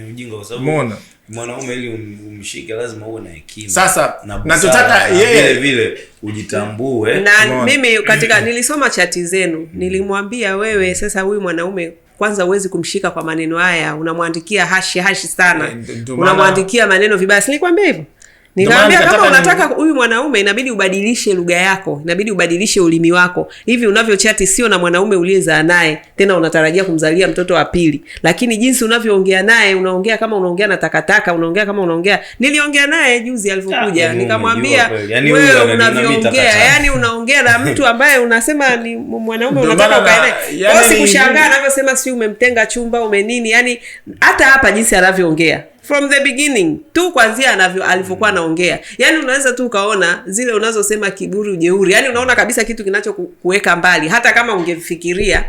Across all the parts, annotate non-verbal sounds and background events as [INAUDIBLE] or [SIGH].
ni mwanaume ili um, umshike lazima uwe na hekima. Sasa nachotaka vile vile ujitambue. Na mimi katika [CLEARS THROAT] nilisoma chati zenu mm. nilimwambia wewe, sasa huyu mwanaume kwanza huwezi kumshika kwa maneno haya, unamwandikia hashi hashi sana, eh, unamwandikia maneno vibaya, silikwambia hivo hivyo? Nikamwambia kama unataka huyu mwanaume inabidi ubadilishe lugha yako, inabidi ubadilishe ulimi wako. Hivi unavyochati sio na mwanaume uliyezaa naye, tena unatarajia kumzalia mtoto wa pili. Lakini jinsi unavyoongea naye, unaongea kama unaongea na takataka, unaongea kama unaongea. Niliongea naye juzi alivyokuja, ah, nikamwambia yaani wewe unavyoongea, yani unaongea na mtu [LAUGHS] ambaye unasema ni mwanaume unataka ukae naye. Kwa yaani sikushangaa anavyosema si umemtenga chumba, umenini, yani hata hapa jinsi anavyoongea from the beginning tu kwanzia anavyo alivyokuwa anaongea. yani unaweza tu ukaona zile unazosema kiburi, ujeuri, yani unaona kabisa kitu kinachokuweka mbali, hata kama ungefikiria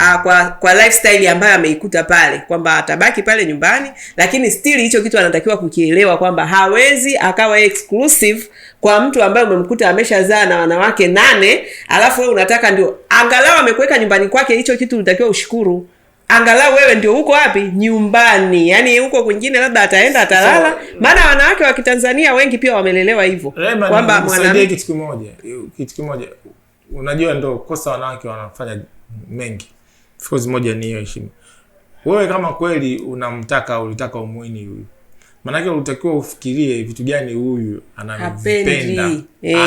uh, kwa kwa lifestyle ambayo ameikuta pale kwamba atabaki pale nyumbani, lakini still hicho kitu anatakiwa kukielewa kwamba hawezi akawa exclusive kwa mtu ambaye umemkuta ameshazaa na wanawake nane, alafu wewe unataka ndio angalau amekuweka nyumbani kwake. Hicho kitu unatakiwa ushukuru angalau wewe ndio huko wapi nyumbani, yaani huko kwingine labda ataenda atalala. So, maana wanawake wa Kitanzania wengi pia wamelelewa hivyo eh, kwamba mwanamke. Kitu kimoja, kitu kimoja, unajua ndo kosa wanawake wanafanya mengi, moja ni hiyo heshima. Wewe kama kweli unamtaka, ulitaka umuini huyu Maanake utakiwa ufikirie vitu gani huyu anavipenda eh,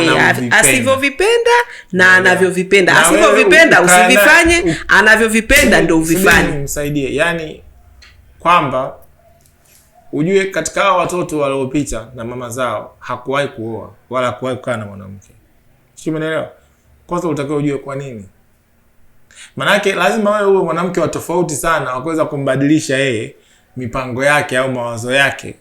asivyovipenda na anavyovipenda, asivyovipenda usivifanye, anavyovipenda ndo uvifanye, msaidie. Yani kwamba ujue katika hao watoto waliopita na mama zao hakuwahi kuoa wala hakuwahi kukaa na mwanamke, simenaelewa Kwanza utakiwa ujue kwa nini Manake lazima wewe uwe mwanamke wa tofauti sana wakuweza kumbadilisha yeye mipango yake au mawazo yake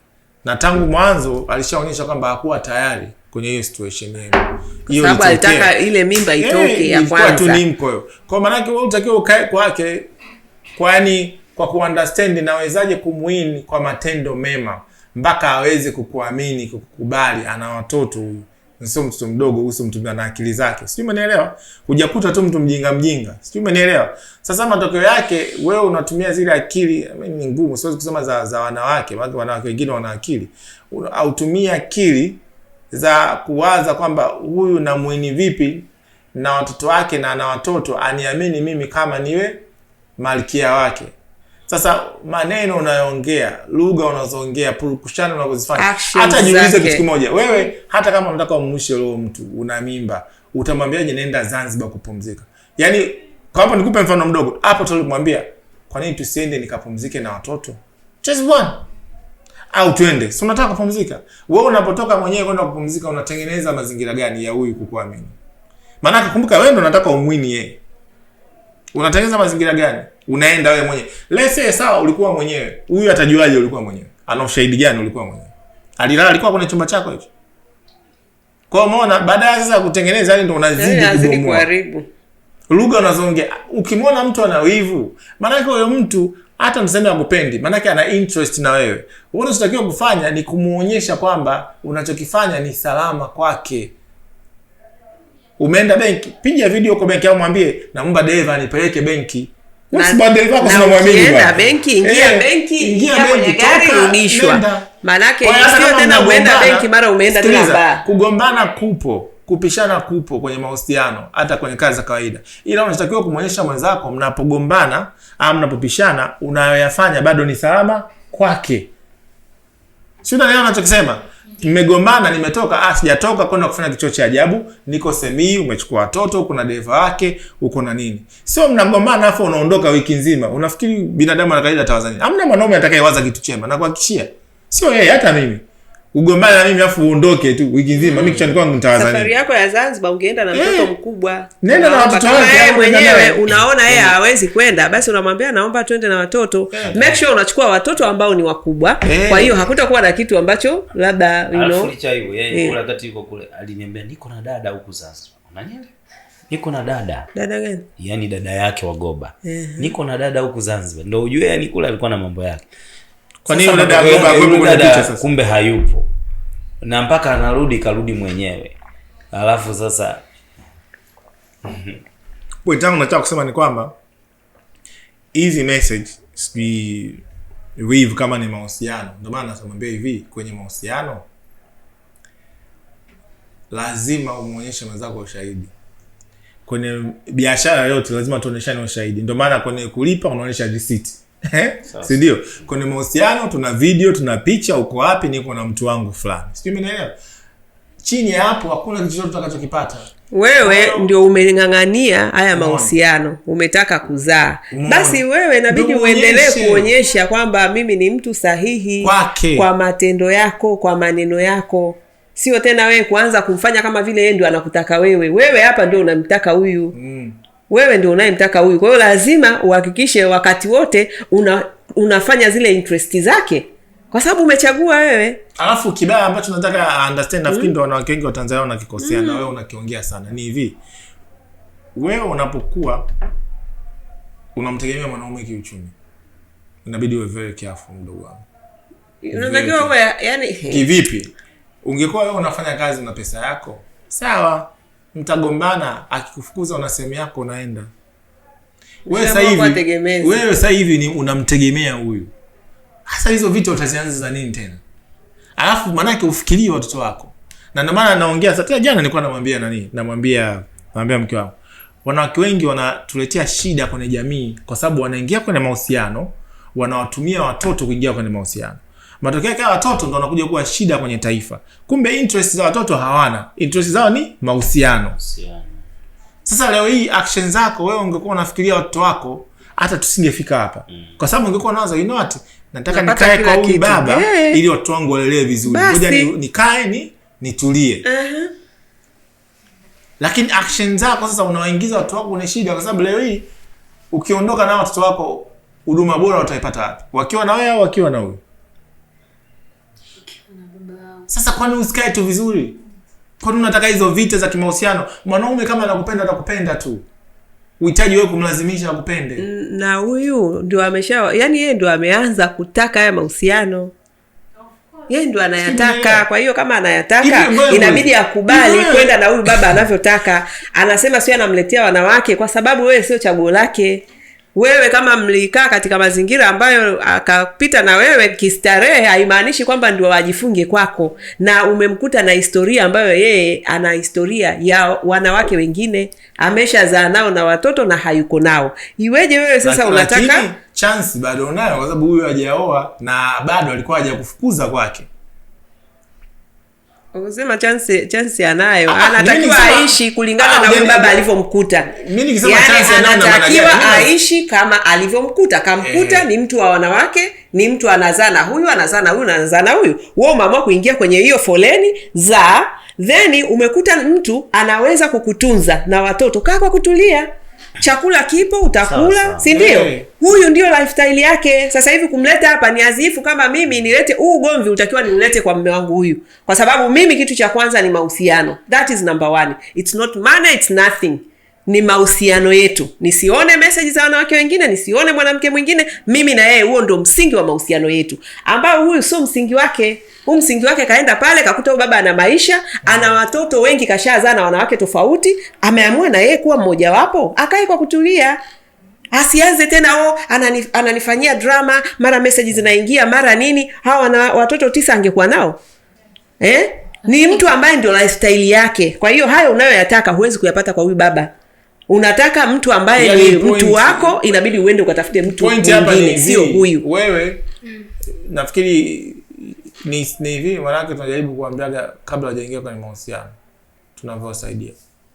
na tangu mwanzo alishaonyesha kwamba hakuwa tayari kwenye hiyo situation yenu, hiyo alitaka ile mimba eh, itoke hey, ya kwanza tu ni mkoyo. Kwa maana yake wewe utakiwa ukae kwake, kwani kwa kuunderstand nawezaje kumwini kwa matendo mema mpaka aweze kukuamini, kukukubali, ana watoto huyu sio mtoto mdogo, huyu sio mtu ana akili zake, sijui umenielewa. Hujakuta tu mtu mjinga mjinga, sijui umenielewa. Sasa matokeo yake wewe unatumia zile akili, mimi ni ngumu, siwezi kusema za, za wanawake, maana wanawake wengine wana akili, autumia akili za kuwaza kwamba huyu na mwini vipi na watoto wake na na watoto aniamini mimi kama niwe malkia wake. Sasa maneno unayoongea, lugha unazoongea, purukushani unazozifanya, hata jiulize kitu kimoja. Wewe hata kama unataka umuishe loo mtu una mimba, utamwambiaje naenda Zanzibar kupumzika? Yaani kwa hapo nikupe mfano mdogo. Hapo tulimwambia, kwa nini tusiende nikapumzike na watoto? Chezi Au twende. Si unataka kupumzika? we unapotoka mwenyewe kwenda kupumzika unatengeneza mazingira gani ya huyu kukuamini? maanake kumbuka wendo unataka umwini yeye. Unatengeneza mazingira gani? unaenda wewe mwenyewe. Lese sawa, ulikuwa mwenyewe. Huyu atajuaje ulikuwa mwenyewe? Ana ushahidi gani ulikuwa mwenyewe? Alilala alikuwa kwenye chumba chako hicho. Kwa umeona, ya sasa kutengeneza yani ndio unazidi yaani kuharibu. Lugha unazoongea. Ukimwona mtu ana wivu, maana yake huyo mtu hata msende akupendi, maana yake ana interest na wewe. Wewe unachotakiwa kufanya ni kumuonyesha kwamba unachokifanya ni salama kwake. Umeenda benki, piga video kwa benki au mwambie naomba deva nipeleke benki. Kugombana kupo, kupishana kupo kwenye mahusiano, hata kwenye kazi za kawaida, ila unatakiwa kumwonyesha mwenzako mnapogombana au mnapopishana unayoyafanya bado ni salama kwake. Si unanielewa nachokisema? mmegombana, nimetoka ah, sijatoka kwenda kufanya kichoo cha ajabu, niko semii, umechukua watoto, kuna deva wake, uko na nini. Sio mnagombana afu unaondoka wiki nzima. Unafikiri binadamu ana tawazani amna mwanaume atakayewaza kitu chema, nakuhakikishia. Sio yeye, hata mimi ugombane na mimi afu uondoke tu wiki nzima. Mimi kichani kwangu nitawazani safari yako ya Zanzibar, ungeenda na mtoto eh. mkubwa, nenda na watoto wake mwenyewe. Unaona yeye eh. hawezi kwenda, basi unamwambia naomba twende na watoto eh. Make sure unachukua watoto ambao ni wakubwa Kwa hiyo hakutakuwa na kitu ambacho labda you know, licha hiyo yeye kula kati yuko kule aliniambia niko na dada huku Zanzibar, unanielewa niko na dada. Dada gani? Yani dada yake wa Goba. Yeah. Niko na dada huku Zanzibar, ndio ujue, yani kule alikuwa na mambo yake Kumbe hayupo. Na mpaka anarudi karudi mwenyewe. Alafu sasa Point nachaa kusema ni kwamba hizi message sijui wivu kama ni mahusiano, ndio maana nasamwambia hivi, kwenye mahusiano lazima umwonyeshe mwenzako ushahidi. Kwenye biashara yote lazima tuonyeshane ushahidi, ndio maana kwenye kulipa unaonyesha risiti Eh? sindio? Kwenye mahusiano tuna video, tuna picha, uko wapi, niko na mtu wangu fulani, sijui umenielewa. Chini ya hapo hakuna kitu chochote utakachokipata wewe. ndio umeng'ang'ania haya mahusiano, umetaka kuzaa basi wewe inabidi uendelee kuonyesha kwamba mimi ni mtu sahihi Kwake. kwa matendo yako, kwa maneno yako Sio tena wewe kuanza kumfanya kama vile yeye ndio anakutaka wewe. Wewe hapa ndio unamtaka huyu mm wewe ndio unayemtaka huyu. Kwa hiyo lazima uhakikishe wakati wote una, unafanya zile interest zake kwa sababu umechagua wewe. Alafu kibaya ambacho nataka understand, nafikiri mm. ndo wanawake wengi wa Tanzania wanakikosea na mm. wewe unakiongea sana, ni hivi, wewe unapokuwa unamtegemea mwanaume kiuchumi, inabidi uwe very careful, mdogo wangu. Unatakiwa yani, kivipi? Ungekuwa wewe unafanya kazi na pesa yako sawa mtagombana, akikufukuza una sehemu yako unaenda wewe. Sasa hivi wewe sasa hivi ni unamtegemea huyu hasa, hizo vitu utazianza za nini tena? Alafu maanake ufikirie watoto wako, na ndio maana naongea sasa. Tena jana nilikuwa namwambia nani, namwambia namwambia mke wangu, wanawake wengi wanatuletea shida kwenye jamii kwa sababu wanaingia kwenye mahusiano, wanawatumia watoto kuingia kwenye mahusiano Matokeo yake watoto ndo wanakuja kuwa shida kwenye taifa. Kumbe interest za watoto hawana, interest zao ni mahusiano. Sasa leo hii action zako wewe ungekuwa unafikiria watoto wako, hata tusingefika hapa, mm. kwa sababu ungekuwa nazo you know what, nataka nikae kwa huyu baba hey. ili watoto wangu walelewe vizuri, ngoja nikae ni nitulie. uh -huh. Lakini action zako sasa unawaingiza watoto wako kwenye shida, kwa sababu leo hii ukiondoka na watoto wako huduma bora utaipata wapi? Wakiwa na wewe au wakiwa na huyu? Sasa kwani usikae tu vizuri? Kwani unataka hizo vita za kimahusiano? Mwanaume kama anakupenda atakupenda tu, uhitaji wewe kumlazimisha akupende. Na huyu ndio amesha, yani yeye ndio ameanza kutaka haya mahusiano yeye ndo anayataka. Kwa hiyo kama anayataka, inabidi akubali kwenda na huyu baba anavyotaka. Anasema sio anamletea wanawake, kwa sababu wewe sio chaguo lake wewe kama mlikaa katika mazingira ambayo ah, akapita na wewe kistarehe, haimaanishi kwamba ndio wajifunge kwako, na umemkuta na historia ambayo yeye ana historia ya wanawake wengine, ameshazaa nao na watoto na hayuko nao. Iweje wewe sasa Laki, unataka chance bado unayo, kwa sababu huyo hajaoa na bado alikuwa hajakufukuza kwake. Unasema chance chance anayo. Ah, anatakiwa aishi kulingana ah, na huyu baba alivyomkuta. Mimi nikisema yaani chance anayo anatakiwa aishi kama alivyomkuta. Kamkuta eh. ni mtu wa wanawake, ni mtu anazaa na huyu, anazaa na huyu, anazaa na huyu. huo umeamua kuingia kwenye hiyo foleni za then umekuta mtu anaweza kukutunza na watoto, kaa kwa kutulia chakula kipo, utakula, si ndio? Hey. Eh. Huyu ndio lifestyle yake. Sasa hivi kumleta hapa ni azifu. Kama mimi nilete huu ugomvi, utakiwa nilete kwa mme wangu huyu, kwa sababu mimi kitu cha kwanza ni mahusiano. That is number one. It's not money, it's nothing ni mahusiano yetu. Nisione meseji za wanawake wengine, nisione mwanamke mwingine, mimi na yeye. Huo ndo msingi wa mahusiano yetu, ambao huyu sio msingi wake huu msingi wake kaenda pale kakuta baba ana maisha, ana watoto wengi, kashazaa na wanawake tofauti, ameamua na yeye kuwa mmojawapo, akae kwa kutulia asianze tena o oh, anani, ananifanyia drama, mara meseji zinaingia mara nini. Hawa na watoto tisa angekuwa nao eh? Ni mtu ambaye ndio lifestyle yake. Kwa hiyo hayo unayoyataka huwezi kuyapata kwa huyu baba. Unataka mtu ambaye yani ni mtu point, wako inabidi uende ukatafute mtu mwingine, sio huyu. Wewe mm. nafikiri ni ni hivi, maanake tunajaribu kuambiaga kabla hajaingia kwenye mahusiano tunavyowasaidia.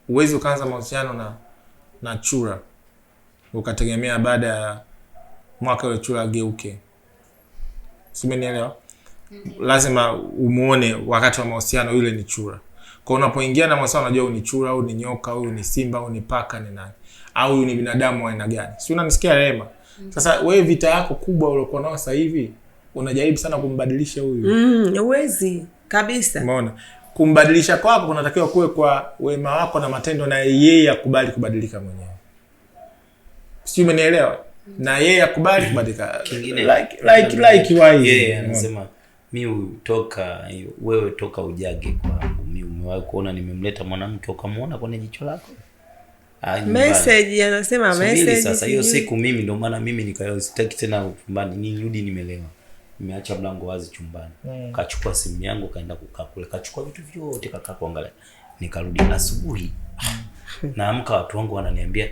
Huwezi ukaanza mahusiano na na chura ukategemea baada ya mwaka ule chura ageuke, simenielewa? Mm-hmm. Lazima umuone wakati wa mahusiano yule ni chura. Kwa unapoingia na mahusiano unajua ni chura au ni nyoka au ni simba au ni paka ni nani au ni binadamu aina gani, si unanisikia Rehema? Mm-hmm. Sasa wewe vita yako kubwa uliokuwa nao sasa hivi unajaribu sana kumbadilisha huyu. Mm, huwezi kabisa. Umeona? Kumbadilisha kwako kunatakiwa kuwe kwa wema wako na matendo na yeye akubali kubadilika mwenyewe. Sijui umenielewa? Na yeye akubali kubadilika. like like like why? Yeye anasema mi utoka wewe toka ujage kwangu, mi umewahi kuona nimemleta mwanamke ukamwona kwenye jicho lako? Ah, message anasema message. Sasa hiyo siku mimi ndio maana mimi nikayo sitaki tena upambane, nirudi nimelewa nimeacha mlango wazi chumbani mm. Kachukua simu yangu kaenda kukaa kule, kachukua vitu vyote kakaa kuangalia. Nikarudi asubuhi mm. [LAUGHS] naamka, watu wangu wananiambia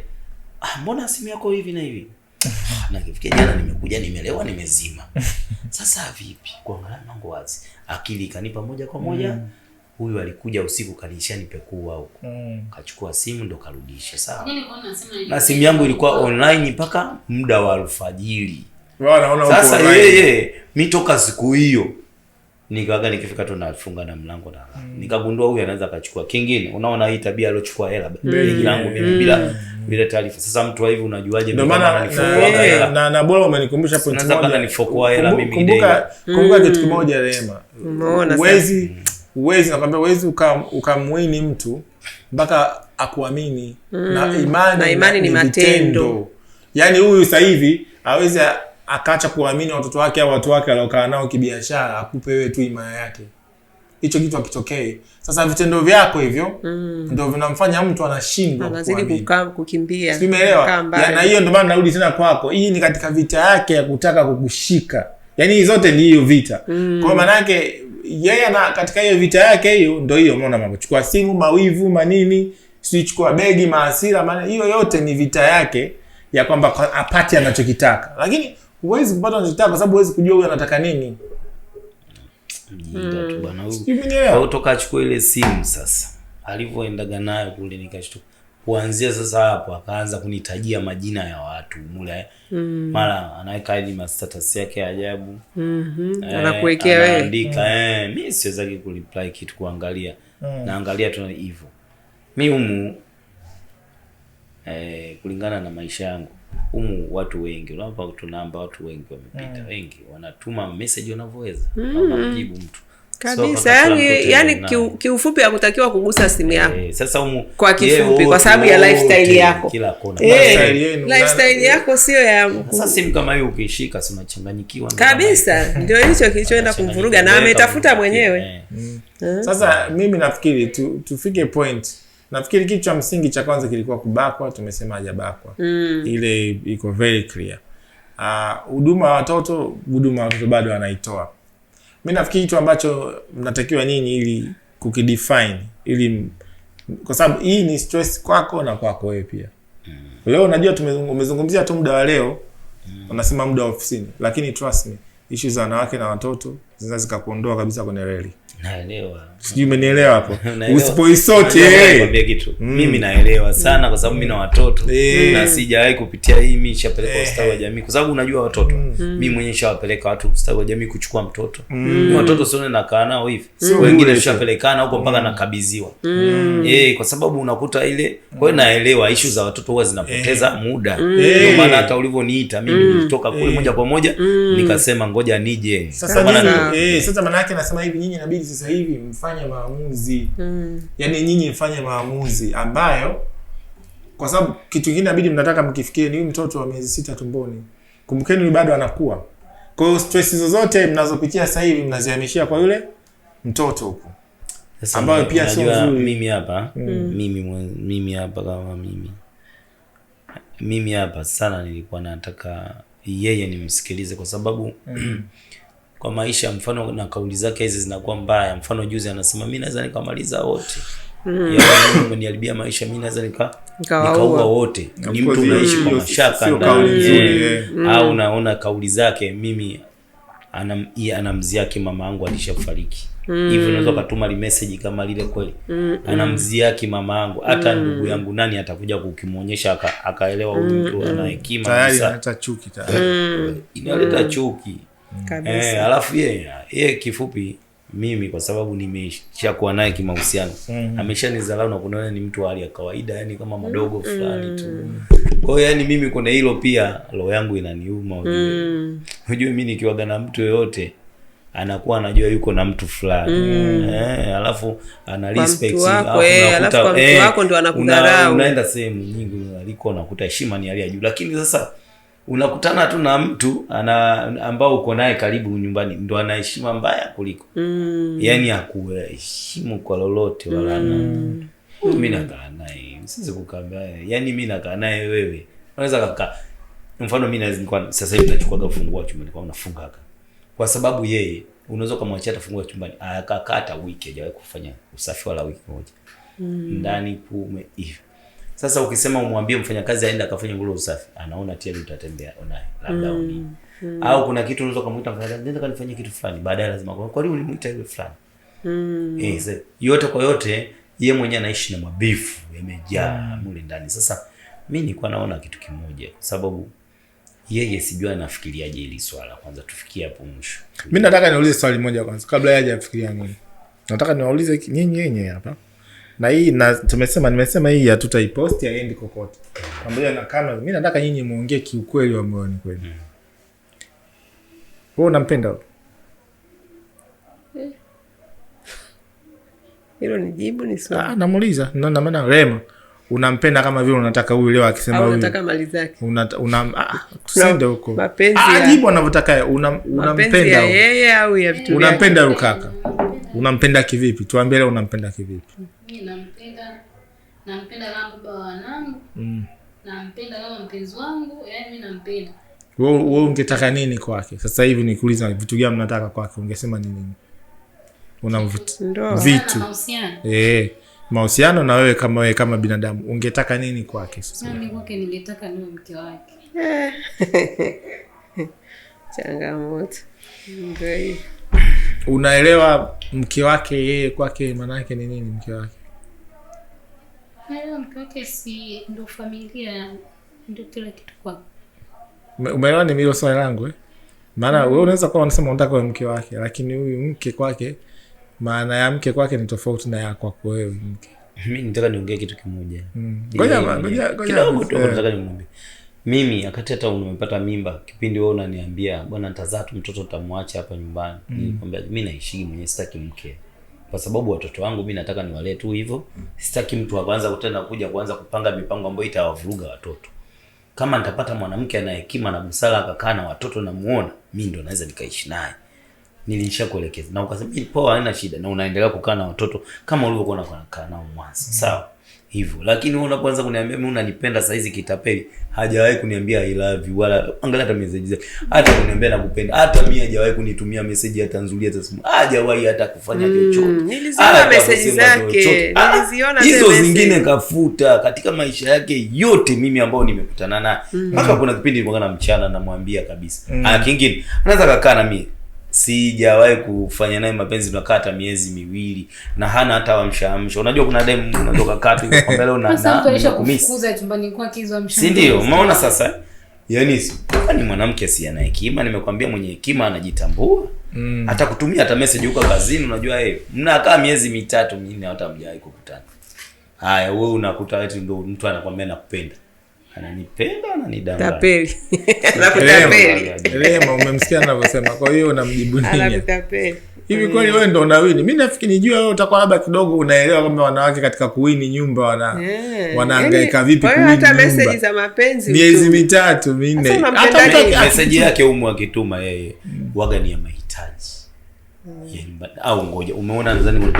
ah, mbona simu yako hivi na hivi [LAUGHS] nakifikia jana, nimekuja nimelewa, nimezima. [LAUGHS] Sasa vipi? Kuangalia mlango wazi, akili ikanipa moja kwa moja mm. Huyu alikuja usiku kanisha kanishanipeku huko mm. Kachukua simu ndo karudisha. Sawa, na simu yangu ilikuwa online mpaka muda wa alfajiri sasa yeye mi toka siku hiyo nikawaga nikifika tu nafunga na mlango na mm. nikagundua huyu anaweza akachukua kingine. Unaona hii tabia alochukua hela mm. bengi yangu mimi mm. bila bila taarifa. Sasa mtu hivi unajuaje? Ndio maana na na, na bora umenikumbusha hapo moja moja, nifokoa hela mimi. Kumbuka kumbuka mm. kitu kimoja, Rehema, uwezi uwezi nakwambia, uwezi ukamwini mtu mpaka akuamini, na imani na imani ni matendo. Yani huyu sasa hivi awezi akaacha kuwaamini watoto wake au watu wake aliokaa nao kibiashara, akupe wewe tu imaya yake. Hicho kitu akitokee Sasa vitendo vyako hivyo mm. ndo vinamfanya mtu anashindwa anazidi Na hiyo ndio maana narudi tena kwako. Hii ni katika vita yake ya kutaka kukushika. Yaani hii zote ni hiyo vita. Mm. kwao maana yeye na katika hiyo vita yake hiyo ndo hiyo mona mambo. Chukua simu, mawivu, manini, sichukua begi, maasira, hiyo yote ni vita yake ya kwamba apate anachokitaka. Lakini huwezi kupata unachotaka kwa sababu huwezi kujua huyu anataka nini. Mjinga hmm. Au toka achukue ile simu sasa. Alivyoendaga nayo kule nikashtuka. Kuanzia sasa hapo akaanza kunitajia majina ya watu mule. Mm. Mara anaweka hadi mastatus yake ya ajabu. Mhm. Mm eh, anakuwekea wewe. Anaandika mm. eh, siwezaki kureply kitu kuangalia. Mm. Naangalia tu hivyo. mi umu eh, kulingana na maisha yangu humu watu wengi, unapa tunamba watu wengi wamepita, mm. wengi wanatuma message wanavyoweza, mm. wanamjibu mm. mtu kabisa so, yani, yani kiufupi hakutakiwa kugusa simu yako e, sasa umu, kwa kifupi, kwa sababu ya lifestyle yako, kila kona e, e, lifestyle yako sio ya sasa. Simu kama hiyo ukishika, si unachanganyikiwa kabisa. Ndio hicho kilichoenda kumvuruga na ametafuta mwenyewe eh. mm. Sasa mimi nafikiri tu, tufike point Nafikiri kitu cha msingi cha kwanza kilikuwa kubakwa, tumesema hajabakwa. Mm. Ile iko very clear. Ah, huduma uh, ya watoto, huduma ya watoto bado anaitoa. mi nafikiri kitu ambacho mnatakiwa nyinyi ili kukidefine ili kwa sababu hii ni stress kwako na kwako wewe pia. Mm. Leo unajua tumezungumzia tu muda wa leo. Mm. Unasema muda wa ofisini, lakini trust me, issue za wanawake na watoto zinaweza zikakuondoa kabisa kwenye reli naelewa sijui umenielewa hapo [LAUGHS] usipoisote mm. mimi naelewa sana kwa sababu mi na watoto hey. Eh. na sijawahi kupitia hii mi shapeleka hey. Eh. ustawi wa jamii kwa sababu unajua watoto mm. mm. mi mwenyewe shawapeleka watu ustawi wa jamii kuchukua mtoto mm. watoto sione nakaa nao hivi mm. wengine tushapelekana huko mpaka mm. nakabiziwa mm. hey, eh, kwa sababu unakuta ile kwa hiyo naelewa ishu za watoto huwa zinapoteza hey. muda ndio yeah. maana hata ulivyoniita mimi mm. nilitoka kule moja kwa moja mm. nikasema ngoja nije sasa, sasa maana yake nasema hivi nyinyi inabidi sasa hivi mfanye maamuzi mm. Yaani nyinyi mfanye maamuzi ambayo, kwa sababu kitu kingine inabidi mnataka mkifikie ni huyu mtoto wa miezi sita tumboni, kumbukeni huyu bado anakuwa. Kwa hiyo stress zozote mnazopitia sasa hivi mnazihamishia kwa yule mtoto huko, ambayo pia sio nzuri. Mimi hapa mm. mm. mimi mimi hapa kama mimi mimi hapa sana nilikuwa nataka yeye nimsikilize kwa sababu mm kwa maisha, mfano na kauli zake hizi zinakuwa mbaya. Mfano juzi anasema mimi naweza nikamaliza wote mm. Yaani, umeniharibia maisha, mimi naweza nika nikaua wote. Ni mtu unaishi kwa mashaka ndani, mm. au naona kauli zake mimi anamziaki mama yangu alishafariki mm. hivyo unaweza ukatuma li message kama lile kweli mm, anamziaki mama yangu hata mm. ndugu yangu nani atakuja kukimuonyesha akaelewa huyu mtu mm. ana hekima tayari, hata chuki tayari mm. inaleta mm. chuki kabisa. Eh, alafu yeye yeye kifupi mimi kwa sababu nimeshakuwa naye kimahusiano mm. -hmm. ameshanizalao na kunaona ni mtu wa hali ya kawaida, yani kama madogo mm -hmm. fulani tu. Kwa hiyo yani mimi kuna hilo pia, roho yangu inaniuma ujue. Mm. -hmm. mimi nikiwaga na mtu yoyote anakuwa anajua yuko na mtu fulani mm. eh, alafu ana respect kwa mtu wako, alafu eh, kwa mtu eh, wako ndo anakudharau una, unaenda sehemu nyingi aliko unakuta heshima ni hali ya juu, lakini sasa unakutana tu na mtu ana ambao uko naye karibu nyumbani, ndo ana heshima mbaya kuliko mm. Yani akuheshimu kwa lolote wala mm. mi nakaa naye yaani mi nakaa naye wewe kaka, mfano mi sasa hivi nachukuaga ufungua nafungaga kwa sababu yeye unaweza ukamwachia atafungua chumbani wiki, kufanya usafi wala wiki moja mm. ndani kume hivyo sasa ukisema umwambie mfanyakazi aende akafanye nguo usafi, anaona tena utatembea onaye labda mm. Uni. Mm. Au kuna kitu unaweza kumuita mfanyakazi nenda kanifanyie kitu fulani, baadaye lazima kwa kwani ulimuita yule fulani. Mm. Eh, sasa yote kwa yote yeye mwenyewe anaishi na mabifu yamejaa mm. mule ndani. Sasa mimi nilikuwa naona kitu kimoja kwa sababu yeye sijui anafikiriaje hili swala. Kwanza tufikie hapo mwisho. Mimi nataka niulize swali moja kwanza kabla yaje afikiria mimi Nataka niwaulize nyinyi yenyewe hapa na hii na tumesema, nimesema hii hatutaiposti haiendi kokote, pamoja na kama Mimi nataka nyinyi muongee kiukweli wa moyoni kweli hmm. Wewe unampenda eh. hilo ni jibu ni swali. Ah, namuuliza na na maana Rema unampenda kama vile unataka huyu leo akisema huyu unataka mali zake. Una una ah, tusende huko. Mapenzi. Ah, jibu anavyotaka unampenda. Mapenzi yeye au ya vitu vyake. Unampenda huyu kaka. Unampenda kivipi? Tuambie leo unampenda kivipi? nampenda nampenda kama baba mm. Nampenda kama mpenzi wangu, yaani nampenda. ungetaka nini kwake? Sasa hivi nikuuliza vitu gani mnataka kwake? Ungesema ni nini? Una eh, Mahusiano na wewe kama wewe kama binadamu ungetaka nini kwake eh. [LAUGHS] Changamoto unaelewa mke wake yeye kwake maana yake ni nini? Mke wake Umeelewa ni milo swali langu eh? Maana mm. we unaweza kuwa unasema unataka we mke wake, lakini huyu mke kwake, maana ya mke kwake ni tofauti na ya kwako wewe mke. nitaka niongee kitu kimoja mm mimi wakati hata umepata mimba kipindi wewe unaniambia bwana nitazaa tu mtoto utamwacha hapa nyumbani mm. nilikwambia mimi naishi mwenye sitaki mke kwa sababu watoto wangu mimi nataka niwalee tu hivyo mm. sitaki mtu akaanza kutenda kuja kuanza kupanga mipango ambayo itawavuruga watoto kama nitapata mwanamke ana hekima na busara akakaa na watoto na muona mimi ndo naweza nikaishi naye nilisha kuelekeza na ukasema poa haina shida na unaendelea kukaa na watoto kama ulivyokuwa unakaa nao mwanzo mm. sawa hivyo, lakini wewe unapoanza kuniambia mimi unanipenda saa hizi kitapeli, hajawahi kuniambia I love you wala angalia hata message zake, hata kuniambia nakupenda, hata mimi hajawahi kunitumia message hata nzuri, hata simu hajawahi hata kufanya mm, chochote. Mm, niliziona message zake, ah, niliziona hizo zingine kafuta katika maisha yake yote, mimi ambao nimekutana naye mm. mpaka mm. kuna kipindi nilikuwa na mchana namwambia kabisa mm. ah, kingine anaweza kakaa na mimi sijawahi kufanya naye mapenzi, tunakaa hata miezi miwili na hana hata wamshaamsha. Unajua kuna dem unatoka kati kwamba leo si ndio? Umeona sasa, yani ni mwanamke asiye na hekima. Nimekwambia mwenye hekima anajitambua mm. hata kutumia hata message huko kazini. Unajua yeye mnakaa miezi mitatu minne, hata mjawahi kukutana. Haya, wewe unakuta eti ndio mtu anakwambia nakupenda ananipenda ananidanganya [LAUGHS] umemsikia anavyosema. Kwa hiyo unamjibu nini? Hivi kweli wewe ndo unawini? Mi nafikiri nijua wewe utakuwa labda kidogo unaelewa kwamba wanawake katika kuwini nyumba wana eh, yeah, vipi hata meseji za mapenzi miezi mitatu minne, meseji yake umu akituma yeye mm. waga ni ya mahitaji mm. au ngoja umeona, mm.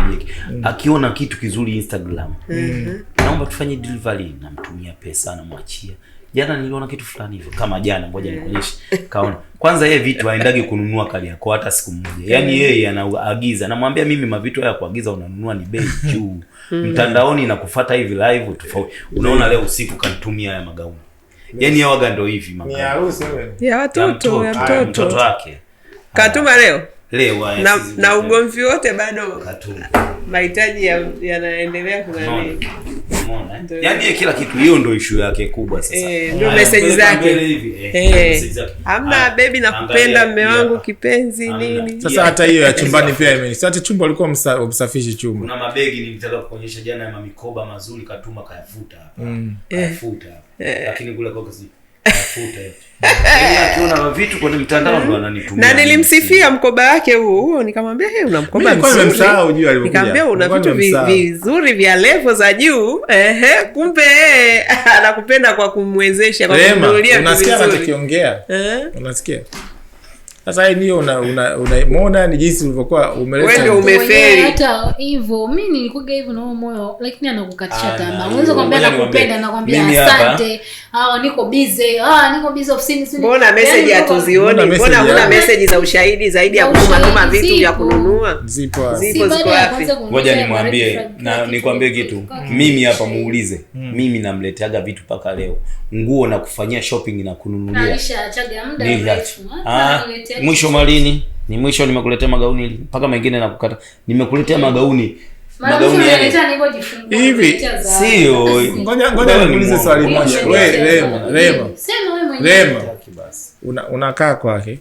akiona kitu kizuri Instagram mm naomba tufanye delivery, namtumia pesa, namwachia Jana niliona kitu fulani hivyo kama jana, ngoja nikuonyeshe. Kaona kwanza yeye vitu haendagi kununua kali yako hata siku moja, yaani yeye anaagiza. Namwambia mimi mavitu haya kuagiza unanunua ni bei [LAUGHS] juu hmm. mtandaoni, na kufuata hivi live tofauti. Unaona leo usiku kanitumia haya magauni, yaani yawaga ndo hivi magauni ya watoto ya mtoto wake katuma leo Lewa, eh, na, na ugomvi wote bado mahitaji yanaendelea ya kunani, yaani eh, kila kitu. Hiyo ndio issue yake kubwa sasa, eh, ndio message zake, hamna ah, baby nakupenda mme wangu kipenzi amna. nini. Sasa hata hiyo ya chumbani pia imeni sasa, chumba alikuwa msafishi chumba, kuna mabegi nilitaka kuonyesha jana ya mamikoba mazuri, Katuma kayafuta hapa, mm. kayafuta lakini kule kwa kazi Yaani na nilimsifia mkoba wake huo nikamwambia hey, una mkoba mzuri. una vitu vizuri vya levo za juu. Ehe, kumbe [LAUGHS] anakupenda kwa kumwezesha, kwa kumnunulia vizuri. Eh? Unasikia anachokiongea? Unasikia? Sasa hii ndio una unaona una, ni jinsi ulivyokuwa umeleta. Wewe ndio umefeli. Hata hivyo mimi nilikuja hivyo na moyo lakini anakukatisha ah, tamaa. Unaweza kumwambia nakupenda na kumwambia asante. Ah niko busy. Ah niko busy ofisini sini. Yaani mbona message hatuzioni? Mbona huna message za ushahidi zaidi ya kutuma tuma vitu vya kununua? Zipo hapo. Zipo ziko wapi? Ngoja nimwambie na nikwambie kitu. Mimi hapa muulize. Hmm. Mimi namleteaga vitu paka leo. Nguo na kufanyia shopping na kununulia. Naisha achaga muda. Ah mwisho malini ni mwisho, nimekuletea magauni mpaka mengine nakukata, nimekuletea magauni magauni yale hivi, sio? Ngoja ngoja nikuulize swali moja, wewe Rema, Rema, sema wewe mwenyewe Rema unakaa kwake